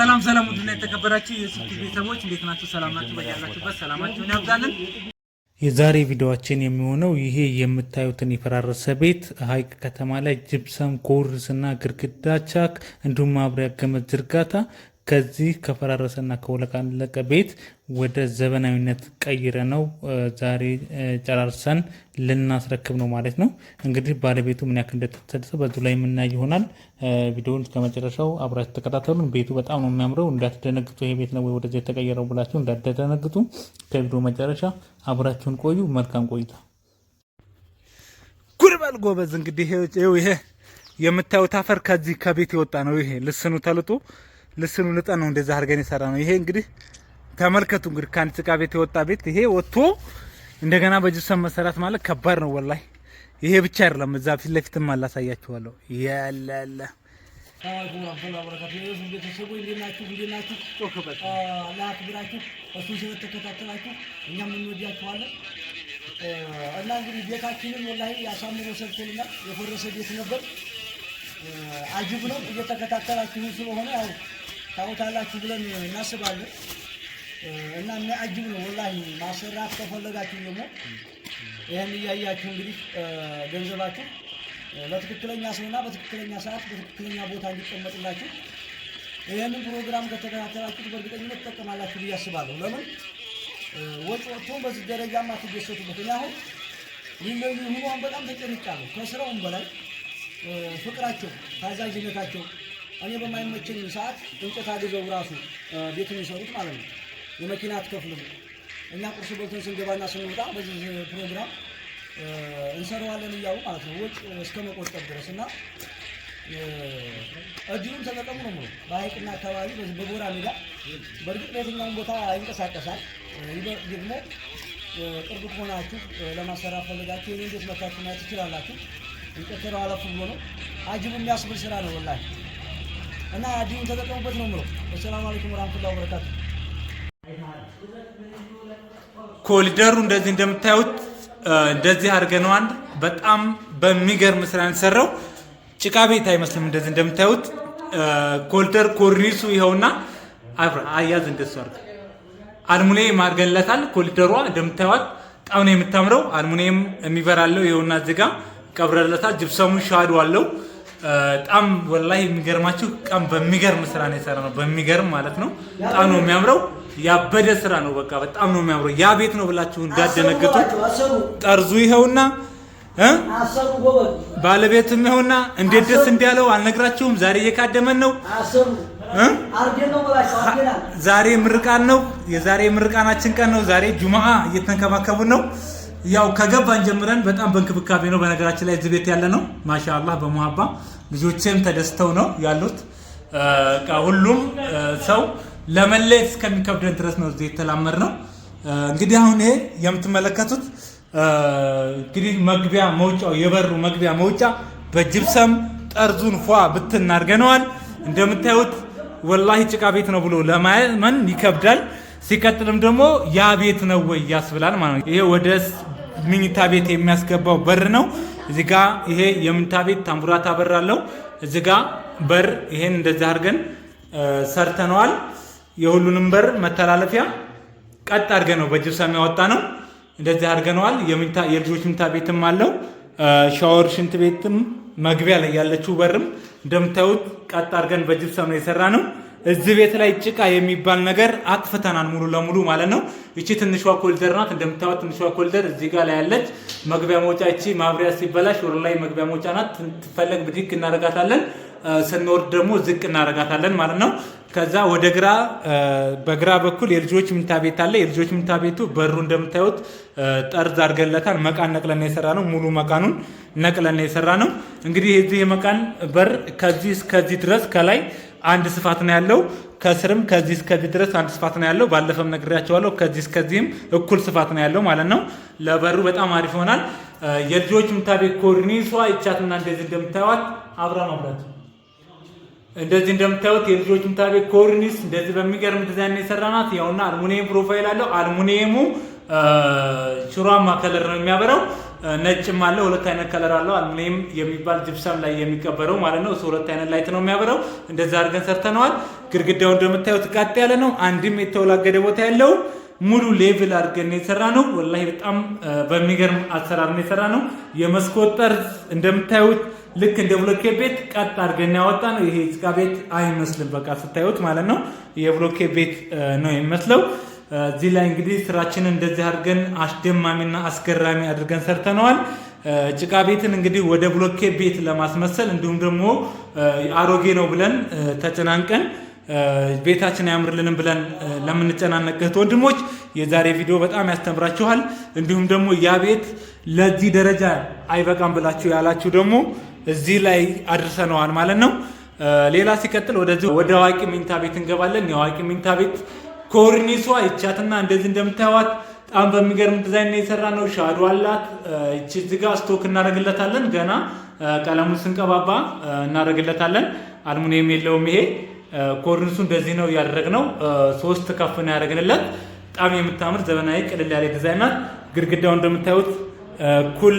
ሰላም ሰላም፣ ውድና የተከበራችሁ የሱቲ ቤተሰቦች እንዴት ናችሁ? ሰላም ናችሁ? በያላችሁበት ሰላማችሁን ያብዛልን። የዛሬ ቪዲዮችን የሚሆነው ይሄ የምታዩትን የፈራረሰ ቤት ሀይቅ ከተማ ላይ ጅብሰም ኮርስ እና ግድግዳ ቻክ እንዲሁም ማብሪያ ገመድ ዝርጋታ ከዚህ ከፈራረሰና ከወለቃለቀ ቤት ወደ ዘመናዊነት ቀይረ ነው ዛሬ ጨራርሰን ልናስረክብ ነው ማለት ነው። እንግዲህ ባለቤቱ ምን ያክል እንደተሰደሰ በዚሁ ላይ የምናይ ይሆናል። ቪዲዮውን መጨረሻው አብራችሁ ተከታተሉን። ቤቱ በጣም ነው የሚያምረው። እንዳትደነግጡ፣ ይሄ ቤት ነው ወይ ወደዚህ የተቀየረው ብላችሁ እንዳትደነግጡ። ከቪዲዮ መጨረሻ አብራችሁን ቆዩ። መልካም ቆይታ። ጉርበል ጎበዝ። እንግዲህ ይሄ የምታዩት አፈር ከዚህ ከቤት የወጣ ነው። ይሄ ልስኑ ተልጦ ልስኑ ልጠን ነው እንደዛ አድርገን የሰራ ነው። ይሄ እንግዲህ ተመልከቱ እንግዲህ ከአንድ ጭቃ ቤት የወጣ ቤት ይሄ ወጥቶ እንደገና በጅብሰን መሰራት ማለት ከባድ ነው ወላሂ። ይሄ ብቻ አይደለም፣ እዛ ፊት ለፊትም አላሳያችኋለሁ። ያለለ አላህ እሱ እኛም እና እንግዲህ ቤታችንን ወላሂ ያሳምሮ ሰብቶልና የፈረሰ ቤት ነበር አጅብ ነው። እየተከታተላችሁ ስለሆነ ያው ታወታላችሁ ብለን እናስባለን እና የሚያጅብ ነው ወላሂ። ማሰራት ከፈለጋችሁ ደግሞ ይህን እያያችሁ እንግዲህ ገንዘባችሁ በትክክለኛ ሰውና በትክክለኛ ሰዓት በትክክለኛ ቦታ እንዲቀመጥላችሁ ይህንን ፕሮግራም ከተከታተላችሁ በእርግጠኝነት ትጠቀማላችሁ ብዬ አስባለሁ። ለምን ወጪ ወጥቶን በዚህ ደረጃ ማትደሰቱበት። እኔ አሁን ሊለዩ ሁን በጣም ተጨንቃለሁ ከስራውም በላይ ፍቅራቸው፣ ታዛዥነታቸው እኔ በማይመችን ሰዓት እንጨት አግዘው ራሱ ቤት የሚሰሩት ማለት ነው። የመኪና አትከፍልም። እኛ ቁርስ በልተን ስንገባና ስንወጣ በዚህ ፕሮግራም እንሰራዋለን እያሉ ማለት ነው። ወጭ እስከ መቆጠብ ድረስ እና እድሉን ተጠቀሙ ነው ምሎ በሀይቅና አካባቢ በጎራ ሜዳ በእርግጥ በየትኛውን ቦታ ይንቀሳቀሳል። ደግሞ ቅርብ ከሆናችሁ ለማሰራት ፈልጋችሁ እንዴት መታችሁ ማየት ትችላላችሁ። እንቀተሮ ነው አለፍ ብሎ ነው። አጅቡ የሚያስብል ስራ ነው ወላሂ። እና አጅቡን ተጠቀሙበት ነው ምሮ። አሰላሙ አለይኩም ወራህመቱላሂ ወበረካቱ። ኮሊደሩ እንደዚህ እንደምታዩት እንደዚህ አድርገነው አንድ በጣም በሚገርም ስራ እንሰራው። ጭቃ ቤት አይመስልም። እንደዚህ እንደምታዩት ኮልደር ኮርኒሱ ይኸውና፣ አብራ አያዝ እንደሱ አርገ አልሙኒየም አድርገንለታል። ኮሊደሯ እንደምታዩት በጣም ነው የምታምረው። አልሙኒየም የሚበራለው ይኸውና እዚህ ጋር ቀብረለታ ጅብሰሙን ሻዱ አለው። በጣም ወላሂ የሚገርማችሁ በጣም በሚገርም ስራ ነው የሰራ ነው። በሚገርም ማለት ነው። በጣም ነው የሚያምረው። ያበደ ስራ ነው። በቃ በጣም ነው የሚያምረው። ያ ቤት ነው ብላችሁ እንዳደነግጡ። ጠርዙ ይኸውና ባለቤትም ይኸውና። እንዴት ደስ እንዲያለው አልነግራችሁም። ዛሬ እየካደመን ነው። ዛሬ ምርቃን ነው። የዛሬ ምርቃናችን ቀን ነው። ዛሬ ጁምዓ እየተንከባከቡን ነው። ያው ከገባን ጀምረን በጣም በእንክብካቤ ነው። በነገራችን ላይ እዚህ ቤት ያለ ነው ማሻላ በመሀባ ልጆቼም ተደስተው ነው ያሉት። ሁሉም ሰው ለመለየት እስከሚከብደን ድረስ ነው እዚህ የተላመድ ነው። እንግዲህ አሁን ይሄ የምትመለከቱት እንግዲህ መግቢያ መውጫው የበሩ መግቢያ መውጫ በጅብሰም ጠርዙን ፏ ብትን አድርገነዋል። እንደምታዩት ወላሂ ጭቃ ቤት ነው ብሎ ለማመን ይከብዳል። ሲቀጥልም ደግሞ ያ ቤት ነው ወይ ያስብላል ማለት ነው። ይሄ ወደ ምኝታ ቤት የሚያስገባው በር ነው። እዚ ጋ ይሄ የምኝታ ቤት ታምቡራታ በር አለው። ጋ በር ይሄን እንደዚህ አድርገን ሰርተነዋል። የሁሉንም በር መተላለፊያ ቀጥ አድርገን ነው በጅብሰም ያወጣ ነው። እንደዚህ አድርገነዋል። የልጆች ምኝታ ቤትም አለው። ሻወር ሽንት ቤትም መግቢያ ላይ ያለችው በርም እንደምታዩት ቀጥ አድርገን በጅብሰም ነው የሰራ ነው። እዚህ ቤት ላይ ጭቃ የሚባል ነገር አጥፍተናል ሙሉ ለሙሉ ማለት ነው። ይቺ ትንሿ ኮልደር ናት። እንደምታዩት ትንሿ ኮልደር እዚህ ጋር ላይ ያለች መግቢያ መውጫ፣ ይቺ ማብሪያ ሲበላሽ ወደ ላይ መግቢያ መውጫ ናት። ትፈለግ ብድግ እናደርጋታለን፣ ስንወርድ ደግሞ ዝቅ እናደርጋታለን ማለት ነው። ከዛ ወደ ግራ በግራ በኩል የልጆች ምንታ ቤት አለ። የልጆች ምንታ ቤቱ በሩ እንደምታዩት ጠርዝ አድርገለታል። መቃን ነቅለን የሰራ ነው። ሙሉ መቃኑን ነቅለን የሰራ ነው። እንግዲህ የዚህ የመቃን በር ከዚህ እስከዚህ ድረስ ከላይ አንድ ስፋት ነው ያለው። ከስርም ከዚህ እስከዚህ ድረስ አንድ ስፋት ነው ያለው። ባለፈም ነግሬያቸዋለሁ። ከዚህ እስከዚህም እኩል ስፋት ነው ያለው ማለት ነው። ለበሩ በጣም አሪፍ ይሆናል። የልጆች ምታቤ ኮርኒሷ ይቻትና እንደዚህ እንደምታዩት አብራ መብራት እንደዚህ እንደምታዩት የልጆች ምታቤ ኮርኒስ እንደዚህ በሚገርም ዲዛይን የሰራናት ያውና አልሙኒየም ፕሮፋይል አለው። አልሙኒየሙ ሹራማ ከለር ነው የሚያበራው ነጭም አለው ሁለት አይነት ከለር አለው። አልሙኒየም የሚባል ጅብሰም ላይ የሚቀበረው ማለት ነው። እሱ ሁለት አይነት ላይት ነው የሚያበረው እንደዛ አድርገን ሰርተነዋል። ግድግዳው እንደምታዩት ቀጥ ያለ ነው። አንድም የተወላገደ ቦታ ያለው ሙሉ ሌቭል አድርገን የሰራ ነው። ወላሂ በጣም በሚገርም አሰራር ነው የሰራ ነው። የመስኮት ጠርዝ እንደምታዩት ልክ እንደ ብሎኬ ቤት ቀጥ አድርገን ያወጣ ነው። ይሄ ጭቃ ቤት አይመስልም፣ በቃ ስታዩት ማለት ነው። የብሎኬ ቤት ነው የሚመስለው። እዚህ ላይ እንግዲህ ስራችንን እንደዚህ አድርገን አስደማሚና አስገራሚ አድርገን ሰርተነዋል። ጭቃ ቤትን እንግዲህ ወደ ብሎኬ ቤት ለማስመሰል እንዲሁም ደግሞ አሮጌ ነው ብለን ተጨናንቀን ቤታችን አያምርልንም ብለን ለምንጨናነቅህት ወንድሞች የዛሬ ቪዲዮ በጣም ያስተምራችኋል። እንዲሁም ደግሞ ያ ቤት ለዚህ ደረጃ አይበቃም ብላችሁ ያላችሁ ደግሞ እዚህ ላይ አድርሰነዋል ማለት ነው። ሌላ ሲቀጥል ወደ አዋቂ መኝታ ቤት እንገባለን። የአዋቂ መኝታ ቤት ኮርኒሷ ይቻትና እንደዚህ እንደምታዩት በጣም በሚገርም ዲዛይን ነው የሰራ ነው። ሻዶ አላት። እቺ እዚህ ጋር ስቶክ እናደርግለታለን። ገና ቀለሙን ስንቀባባ እናደርግለታለን። አልሙኒየም የለውም ይሄ። ኮርኒሱ እንደዚህ ነው ያደረግነው። ሶስት ከፍ ነው ያደረግንለት። በጣም የምታምር ዘመናዊ ቅልል ያለ ዲዛይን ናት። ግድግዳው እንደምታዩት ኩል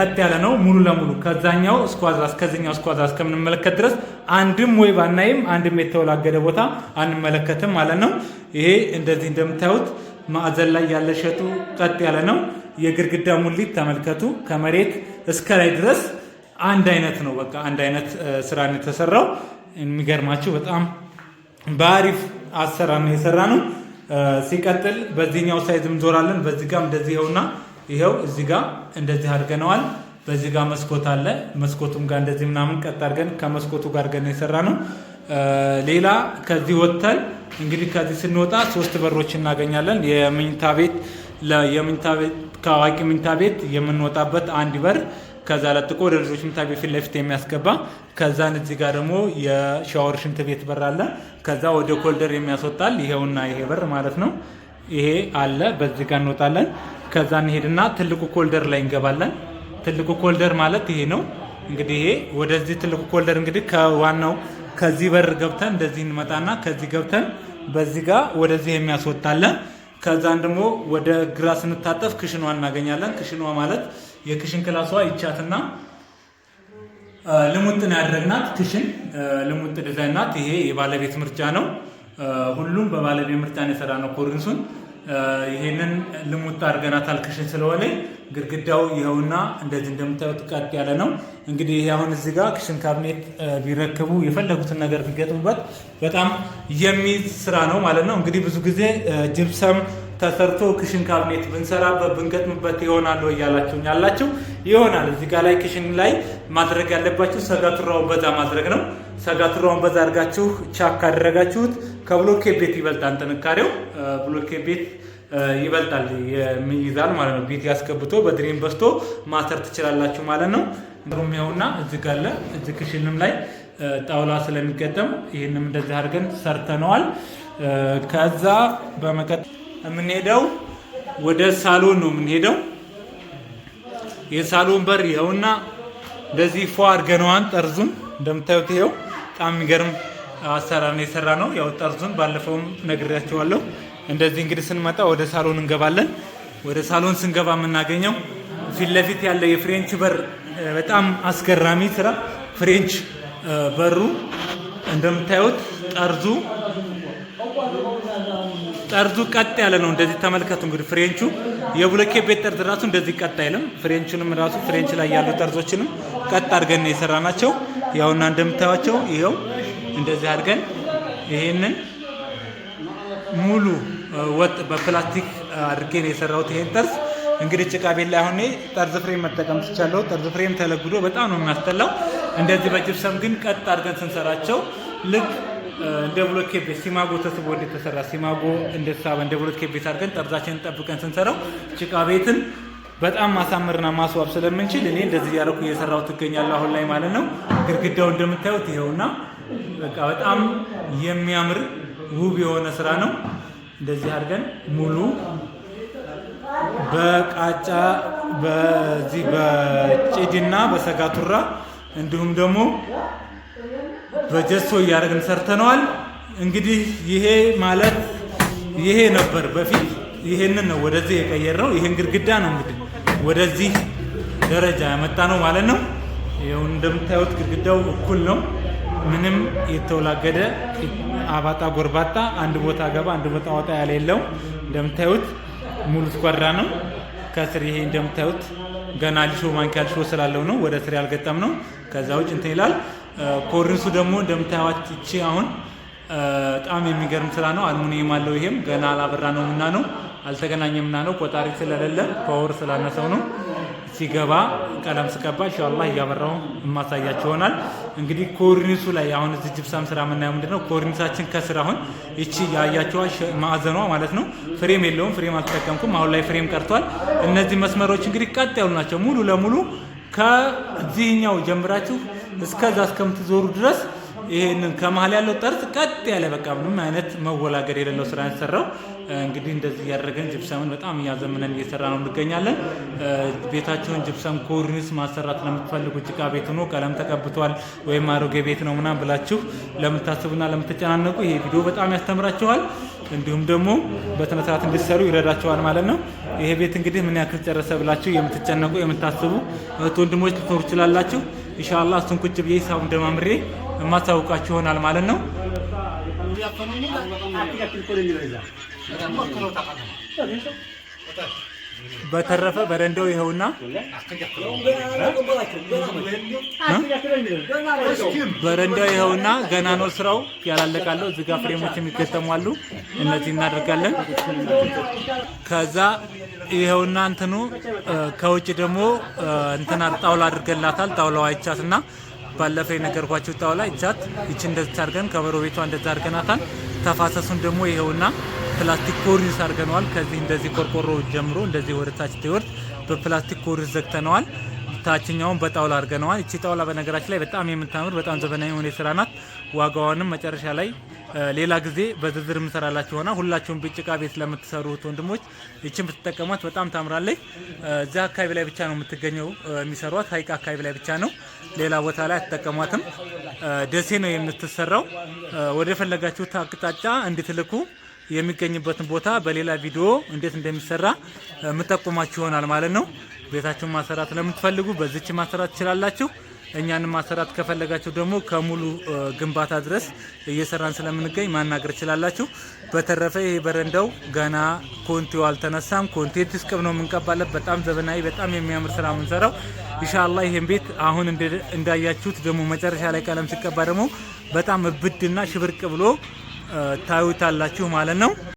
ቀጥ ያለ ነው ሙሉ ለሙሉ ከዛኛው እስኳዝራ እስከዚኛው እስኳዝራ እስከምንመለከት ድረስ አንድም ወይ ባናይም አንድም የተወላገደ ቦታ አንመለከትም ማለት ነው። ይሄ እንደዚህ እንደምታዩት ማዕዘን ላይ ያለ ሸጡ ቀጥ ያለ ነው። የግድግዳ ሙሊት ተመልከቱ። ከመሬት እስከ ላይ ድረስ አንድ አይነት ነው። በቃ አንድ አይነት ስራ ነው የተሰራው። የሚገርማችሁ በጣም በአሪፍ አሰራር ነው የሰራ ነው። ሲቀጥል በዚህኛው ሳይዝ እንዞራለን በዚህ ጋ እንደዚህ ይኸውና፣ ይኸው እዚህ ጋ እንደዚህ አድርገነዋል። በዚህ ጋር መስኮት አለ። መስኮቱም ጋር እንደዚህ ምናምን ቀጥ አድርገን ከመስኮቱ ጋር ገና የሰራ ነው። ሌላ ከዚህ ወጥተን እንግዲህ ከዚህ ስንወጣ ሶስት በሮች እናገኛለን። የመኝታ ቤት የመኝታ ቤት ከአዋቂ መኝታ ቤት የምንወጣበት አንድ በር ከዛ ለጥቆ ወደ ልጆች ሽንታ ቤት ፊት ለፊት የሚያስገባ ከዛን እዚህ ጋር ደግሞ የሻወር ሽንት ቤት በር አለ። ከዛ ወደ ኮልደር የሚያስወጣል ይሄውና ይሄ በር ማለት ነው። ይሄ አለ። በዚህ ጋር እንወጣለን። ከዛ እንሄድና ትልቁ ኮልደር ላይ እንገባለን። ትልቁ ኮልደር ማለት ይሄ ነው እንግዲህ ይሄ ወደዚህ ትልቁ ኮልደር እንግዲህ ከዋናው ከዚህ በር ገብተን እንደዚህ እንመጣና ከዚህ ገብተን በዚህ ጋር ወደዚህ የሚያስወጣለን። ከዛን ደግሞ ወደ ግራ ስንታጠፍ ክሽኗ እናገኛለን። ክሽኗ ማለት የክሽን ክላሷ ይቻትና ልሙጥን ያደረግናት ክሽን ልሙጥ ዲዛይን ናት። ይሄ የባለቤት ምርጫ ነው። ሁሉም በባለቤት ምርጫን የሰራ ነው ኮርኒሱን ይሄንን ልሙጥ አድርገናታል። ክሽን ስለሆነ ግድግዳው ይኸውና እንደዚህ እንደምታዩት ቀጥ ያለ ነው። እንግዲህ ይሄ አሁን እዚህ ጋር ክሽን ካብኔት ቢረክቡ የፈለጉትን ነገር ቢገጥሙበት በጣም የሚይዝ ስራ ነው ማለት ነው። እንግዲህ ብዙ ጊዜ ጅብሰም ተሰርቶ ክሽን ካብኔት ብንሰራበት ብንገጥምበት ይሆናል ወይ ያላችሁ ያላችሁ ይሆናል። እዚህ ጋር ላይ ክሽን ላይ ማድረግ ያለባችሁ ሰጋቱራው በዛ ማድረግ ነው። ሰጋትሯን በዛ አድርጋችሁ ቻክ ካደረጋችሁት ከብሎኬት ቤት ይበልጣል ጥንካሬው። ብሎኬት ቤት ይበልጣል የሚይዛል ማለት ነው። ቤት ያስገብቶ በድሪም በስቶ ማሰር ትችላላችሁ ማለት ነው። ሩሚያውና እዚህ ጋለ እዚህ ክሽልም ላይ ጣውላ ስለሚገጠም ይህንም እንደዚህ አድርገን ሰርተነዋል። ከዛ በመቀጠል የምንሄደው ወደ ሳሎን ነው የምንሄደው። የሳሎን በር ይኸውና እንደዚህ ፏ አድርገነዋን ጠርዙን እንደምታዩት ይኸው በጣም የሚገርም አሰራር ነው የሰራ ነው። ያው ጠርዙን ባለፈውም ነግሬያቸዋለሁ። እንደዚህ እንግዲህ ስንመጣ ወደ ሳሎን እንገባለን። ወደ ሳሎን ስንገባ የምናገኘው ፊት ለፊት ያለው የፍሬንች በር በጣም አስገራሚ ስራ። ፍሬንች በሩ እንደምታዩት ጠርዙ ጠርዙ ቀጥ ያለ ነው። እንደዚህ ተመልከቱ። እንግዲህ ፍሬንቹ የብሎኬ ቤት ጠርዝ ራሱ እንደዚህ ቀጥ አይልም። ፍሬንቹንም ራሱ ፍሬንች ላይ ያሉ ጠርዞችንም ቀጥ አድርገን የሰራ ናቸው። ያውና እንደምታዩቸው ይኸው እንደዚህ አድርገን ይሄንን ሙሉ ወጥ በፕላስቲክ አድርጌን የሰራሁት ይሄን ጠርዝ እንግዲህ ጭቃ ቤት ላይ አሁን ጠርዝ ፍሬም መጠቀም ትቻለሁ። ጠርዝ ፍሬም ተለግዶ በጣም ነው የሚያስጠላው። እንደዚህ በጅብሰም ግን ቀጥ አድርገን ስንሰራቸው ልክ እንደ ብሎኬት ቤት ሲማጎ ተስቦ እንደተሰራ ሲማጎ እንደተሳበ እንደ ብሎኬት ቤት አድርገን ጠርዛችንን ጠብቀን ስንሰራው ጭቃ ቤትን በጣም ማሳመርና ማስዋብ ስለምንችል እኔ እንደዚህ እያደረኩ እየሰራው ትገኛለሁ አሁን ላይ ማለት ነው። ግድግዳው እንደምታዩት ይኸውና፣ በቃ በጣም የሚያምር ውብ የሆነ ስራ ነው። እንደዚህ አድርገን ሙሉ በቃጫ በዚህ በጭድና በሰጋቱራ እንዲሁም ደግሞ በጀሶ እያደረግን ሰርተነዋል። እንግዲህ ይሄ ማለት ይሄ ነበር በፊት ይሄንን ነው ወደዚህ የቀየር ነው። ይሄን ግድግዳ ነው እንግዲህ ወደዚህ ደረጃ ያመጣ ነው ማለት ነው። ይኸው እንደምታዩት ግድግዳው እኩል ነው። ምንም የተወላገደ አባጣ ጎርባጣ አንድ ቦታ ገባ አንድ ቦታ ወጣ ያለ የለው። እንደምታዩት ሙሉ ስኳድራ ነው። ከስር ይሄ እንደምታዩት ገና ሊሾ ማንኪያ ሊሾ ስላለው ነው ወደ ስር ያልገጠም ነው። ከዛ ውጭ እንትን ይላል። ኮርንሱ ደግሞ እንደምታዩት ይቺ አሁን በጣም የሚገርም ስራ ነው። አልሙኒየም አለው። ይሄም ገና አላበራ ነው ምና ነው አልተገናኘም ምና ነው ቆጣሪ ስለሌለ ፓወር ስላነሰው ነው። ሲገባ ቀለም ስቀባ ኢንሻአላህ እያበራው የማሳያቸው ይሆናል። እንግዲህ ኮርኒሱ ላይ አሁን እዚህ ጅብሳም ስራ የምናየው ምንድን ነው ኮርኒሳችን ከስር አሁን ይቺ ያያቸዋ ማዕዘኗ ማለት ነው ፍሬም የለውም። ፍሬም አልተጠቀምኩም። አሁን ላይ ፍሬም ቀርቷል። እነዚህ መስመሮች እንግዲህ ቀጥ ያሉ ናቸው ሙሉ ለሙሉ ከዚህኛው ጀምራችሁ እስከዛ እስከምትዞሩ ድረስ ይሄንን ከመሀል ያለው ጠርዝ ቀጥ ያለ በቃ ምንም አይነት መወላገድ የሌለው ስራ የተሰራው እንግዲህ እንደዚህ እያደረገን ጅብሰምን በጣም እያዘምነን እየሰራ ነው እንገኛለን። ቤታቸውን ጅብሰም ኮርኒስ ማሰራት ለምትፈልጉ ጭቃ ቤት ነው ቀለም ተቀብቷል ወይም አሮጌ ቤት ነው ምናምን ብላችሁ ለምታስቡና ለምትጨናነቁ ይሄ ቪዲዮ በጣም ያስተምራችኋል። እንዲሁም ደግሞ በስነ እንዲሰሩ ይረዳቸዋል ማለት ነው። ይሄ ቤት እንግዲህ ምን ያክል ጨረሰ ብላችሁ የምትጨነቁ የምታስቡ እህት ወንድሞች ልትኖሩ ትችላላችሁ። ኢንሻአላህ እሱን ቁጭ ብዬ ሳብ እንደማምሬ የማታውቃችሁ ይሆናል ማለት ነው። በተረፈ በረንዳው ይኸውና በረንዳው ይኸውና ገና ነው ስራው ያላለቃለው። እዚህ ጋ ፍሬሞች የሚገጠሟሉ እነዚህ እናደርጋለን። ከዛ ይኸውና እንትኑ ከውጭ ደግሞ እንትና ጣውላ አድርገላታል። ጣውላው አይቻትና ባለፈ የነገርኳችሁ ጣውላ እቻት ይቺ እንደዛ አድርገን ከበሮ ቤቷ እንደዛ አድርገናታል። ተፋሰሱን ደግሞ ይሄውና ፕላስቲክ ኮርኒስ አድርገነዋል። ከዚህ እንደዚህ ቆርቆሮ ጀምሮ እንደዚህ ወደ ታች ትወርድ በፕላስቲክ ኮርኒስ ዘግተነዋል። ታችኛውን በጣውላ አድርገነዋል። እቺ ጣውላ በነገራችን ላይ በጣም የምታምር በጣም ዘመናዊ የሆነ ስራ ናት። ዋጋዋንም መጨረሻ ላይ ሌላ ጊዜ በዝርዝር የምሰራላችሁ ሆና ሁላችሁም ጭቃ ቤት ለምትሰሩት ወንድሞች ይችን ብትጠቀሟት በጣም ታምራለች። እዚያ አካባቢ ላይ ብቻ ነው የምትገኘው የሚሰሯት ሀይቅ አካባቢ ላይ ብቻ ነው። ሌላ ቦታ ላይ አትጠቀሟትም። ደሴ ነው የምትሰራው። ወደ ፈለጋችሁት አቅጣጫ እንድትልኩ የሚገኝበትን ቦታ በሌላ ቪዲዮ እንዴት እንደሚሰራ የምጠቁማችሁ ይሆናል ማለት ነው። ቤታችሁን ማሰራት ለምትፈልጉ በዚች ማሰራት ትችላላችሁ። እኛንም ማሰራት ከፈለጋችሁ ደግሞ ከሙሉ ግንባታ ድረስ እየሰራን ስለምንገኝ ማናገር ትችላላችሁ። በተረፈ ይሄ በረንዳው ገና ኮንቴው አልተነሳም። ኮንቴት እስቅብ ነው የምንቀባለት። በጣም ዘመናዊ፣ በጣም የሚያምር ስራ የምንሰራው ኢንሻአላ። ይሄን ቤት አሁን እንዳያችሁት ደግሞ መጨረሻ ላይ ቀለም ሲቀባ ደግሞ በጣም እብድና ሽብርቅ ብሎ ታዩታላችሁ ማለት ነው።